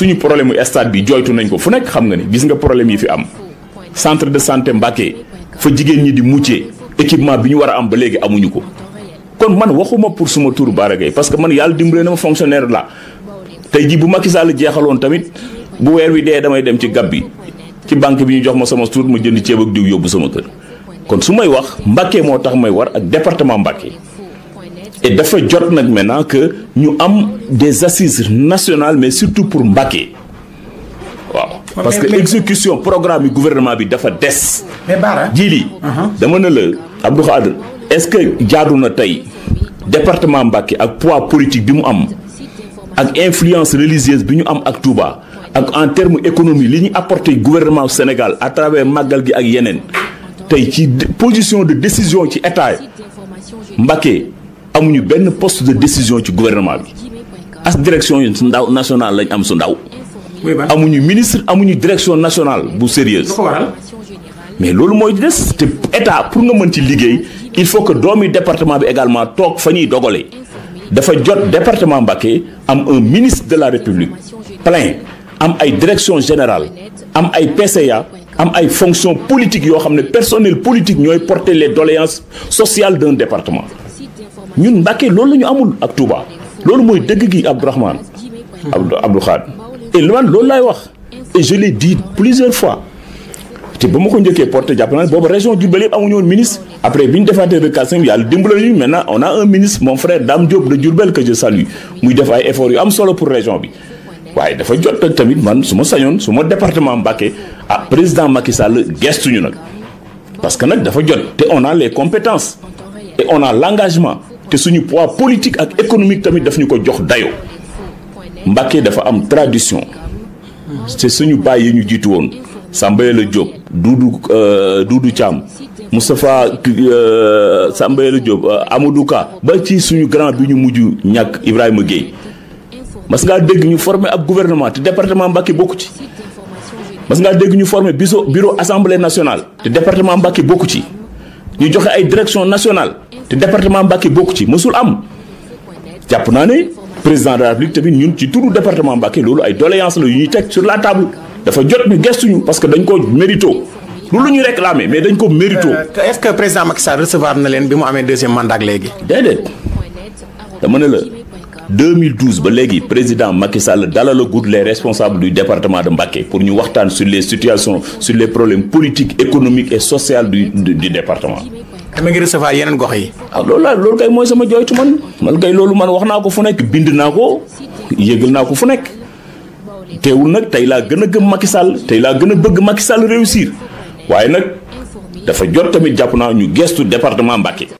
suñu problème mu bi jooytu nañ ko fu nekk xam nga ni gis nga problème yi fi am centre de santé Mbacké fa jigéen ñi di muccee équipement bi ñu war a am ba léegi amuñu ko kon man waxuma pour suma tur Bara Gaye parce que man yàlla dimbale na ma fonctionnaire la tey jii bu Macky jeexaloon tamit bu weer wi dee damay dem ci gab bi ci banque bi ñu jox ma sama tur ma jënd ceeb ak diw yóbbu sama kër kon su may wax Mbacké moo tax may war ak département Mbacké et dafa jot nag maintenant que ñu am des assises nationales mais surtout pour Mbacké waaw parce que exécution programme yi gouvernement bi dafa des jii lii uh-huh. dama ne la Abdou Khadre ce que jaadu na tey département Mbacké ak poids politique bi mu am ak influence religieuse bi ñu am ak Touba ak en terme économie li ñu apporté gouvernement Sénégal à travers màggal gi ak yeneen tey ci position de décision ci état Mbacké amuñu benn poste de décision ci gouvernement bi as direction yu ndaw nationale lañ am su ndaw. amuñu ministre amuñu direction nationale bu sérieuse mais loolu mooy des te état pour nga mën ci liggéey il faut que doomi département bi également toog fa ñuy dogalee dafa jot département Mbacké am un ministre de la République plein am ay direction générale am ay PCA am ay fonction politique yoo xam ne personnel politique ñooy porter les doléances sociales d'un département ñun Mbàkke loolu la ñu amul ak Touba loolu mooy dëgg gi Abdourahmane Abdou Abdou Khad et man loolu laay wax et je l'ai dit plusieurs fois te ba ma ko njëkkee porté jàpp naa boobu région Diourbel yëpp amuñu woon ministre après bi ñu defaatee recasement yàlla dimbali ñu maintenant on a un ministre mon frère Dame Diop de Diourbel que je salue muy def ay efforts yu am solo pour région bi waaye dafa jot tamit man su ma sañoon su ma département Mbacké ah président Macky Sall gestuñu nag parce que nag dafa jot te on a les compétences on a l'engagement te suñu poids politique ak économique tamit daf ñu ko jox dayoo Mbàkke dafa am tradition te suñu baay yi ñu jiitu woon Samba Yalla Diop Duudu euh, Duudu Thiam Moustapha euh, Samba Yalla Diop euh, Amadou Ka ba ci suñu grand bi ñu mujj ñàkk Ibrahima Gueye mas ngaa dégg ñu formé ak gouvernement te département Mbàkke bokku ci mas ngaa dégg ñu formé biso bureau assemblée nationale te département Mbàkke bokku ci ñu joxe ay direction nationale te département Mbacké bokk ci mësul am jàpp naa ne président de tamit ñun ci turu département Mbacké loolu ay doléance la yu ñuy teg sur la table dafa jot ñu gestuñu parce que dañ ko mérito lu lu ñu réclamé mais dañ ko mérito. Euh, est-ce que président Macky na leen bi mu amee deuxième mandat ak léegi. déedéet dama ne la 2012 ba léegi président Macky Sall dalal a gudd les responsables du département de Mbacké pour ñu waxtaan sur les situations sur les problèmes politiques économique et sociaux du du dama ngi recevoir yeneen gox yi. ah loolu laa loolu kay mooy sama jooytu man man kay loolu man wax naa ko fu nekk bind naa ko yëgal naa ko fu nekk teewul nag tey laa gën a gëm Macky Sall tey laa gën a bëgg Macky Sall réussir waaye nag dafa jot tamit jàpp naa ñu gestu département Mbacké.